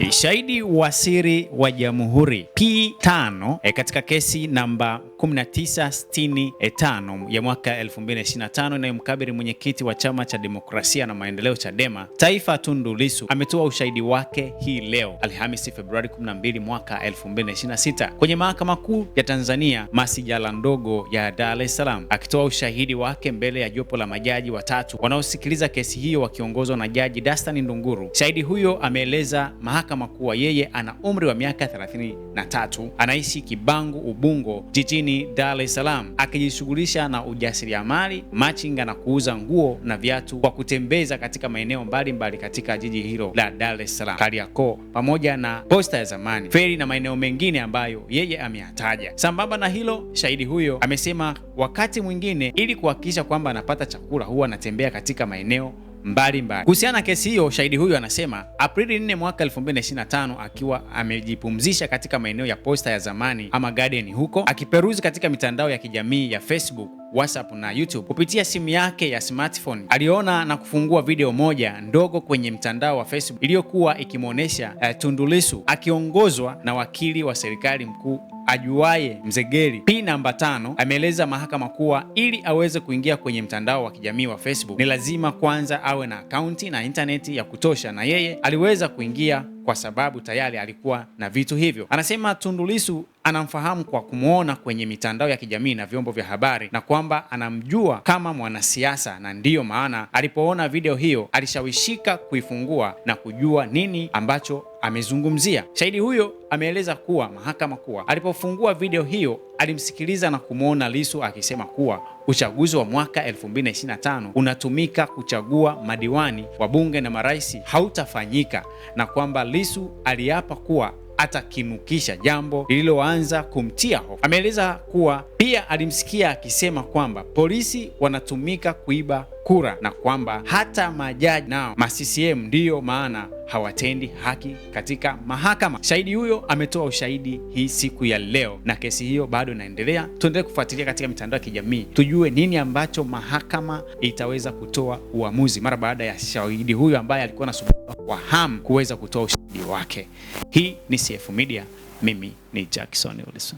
E, shahidi wa siri wa jamhuri P5 e, katika kesi namba 1965 ya mwaka 2025 inayomkabili mwenyekiti wa chama cha demokrasia na maendeleo Chadema Taifa Tundu Lissu ametoa ushahidi wake hii leo Alhamisi Februari 12 mwaka 2026 kwenye mahakama kuu ya Tanzania masijala ndogo ya Dar es Salaam, akitoa ushahidi wake mbele ya jopo la majaji watatu wanaosikiliza kesi hiyo wakiongozwa na Jaji Dastan Ndunguru. Shahidi huyo ameeleza mahakama kuwa yeye ana umri wa miaka 33, anaishi Kibangu Ubungo jijini jijini Dar es Salaam akijishughulisha na ujasiriamali, machinga na kuuza nguo na viatu kwa kutembeza katika maeneo mbalimbali katika jiji hilo la Dar es Salaam, Kariakoo, pamoja na posta ya zamani, feri na maeneo mengine ambayo yeye ameyataja. Sambamba na hilo, shahidi huyo amesema wakati mwingine, ili kuhakikisha kwamba anapata chakula, huwa anatembea katika maeneo mbalimbali kuhusiana na kesi hiyo. Shahidi huyu anasema Aprili 4 mwaka 2025 akiwa amejipumzisha katika maeneo ya posta ya zamani ama garden huko, akiperuzi katika mitandao ya kijamii ya Facebook, WhatsApp na YouTube kupitia simu yake ya smartphone, aliona na kufungua video moja ndogo kwenye mtandao wa Facebook iliyokuwa ikimwonyesha uh, Tundu Lissu akiongozwa na wakili wa serikali mkuu ajuaye Mzegeri P namba tano ameeleza mahakama kuwa ili aweze kuingia kwenye mtandao wa kijamii wa Facebook ni lazima kwanza awe na akaunti na intaneti ya kutosha, na yeye aliweza kuingia kwa sababu tayari alikuwa na vitu hivyo. Anasema Tundu Lissu anamfahamu kwa kumwona kwenye mitandao ya kijamii na vyombo vya habari na kwamba anamjua kama mwanasiasa, na ndiyo maana alipoona video hiyo alishawishika kuifungua na kujua nini ambacho amezungumzia. Shahidi huyo ameeleza kuwa mahakama kuwa alipofungua video hiyo alimsikiliza na kumwona Lissu akisema kuwa uchaguzi wa mwaka 2025 unatumika kuchagua madiwani, wa bunge na marais hautafanyika na kwamba Lissu aliapa kuwa atakinukisha jambo lililoanza kumtia hofu. Ameeleza kuwa pia alimsikia akisema kwamba polisi wanatumika kuiba kura na kwamba hata majaji nao ma CCM ndiyo maana hawatendi haki katika mahakama. Shahidi huyo ametoa ushahidi hii siku ya leo, na kesi hiyo bado inaendelea. Tuendelee kufuatilia katika mitandao ya kijamii, tujue nini ambacho mahakama itaweza kutoa uamuzi mara baada ya shahidi huyo ambaye alikuwa anasubiriwa kwa hamu kuweza kutoa ushahidi wake. Hii ni CF Media, mimi ni Jackson Wilson.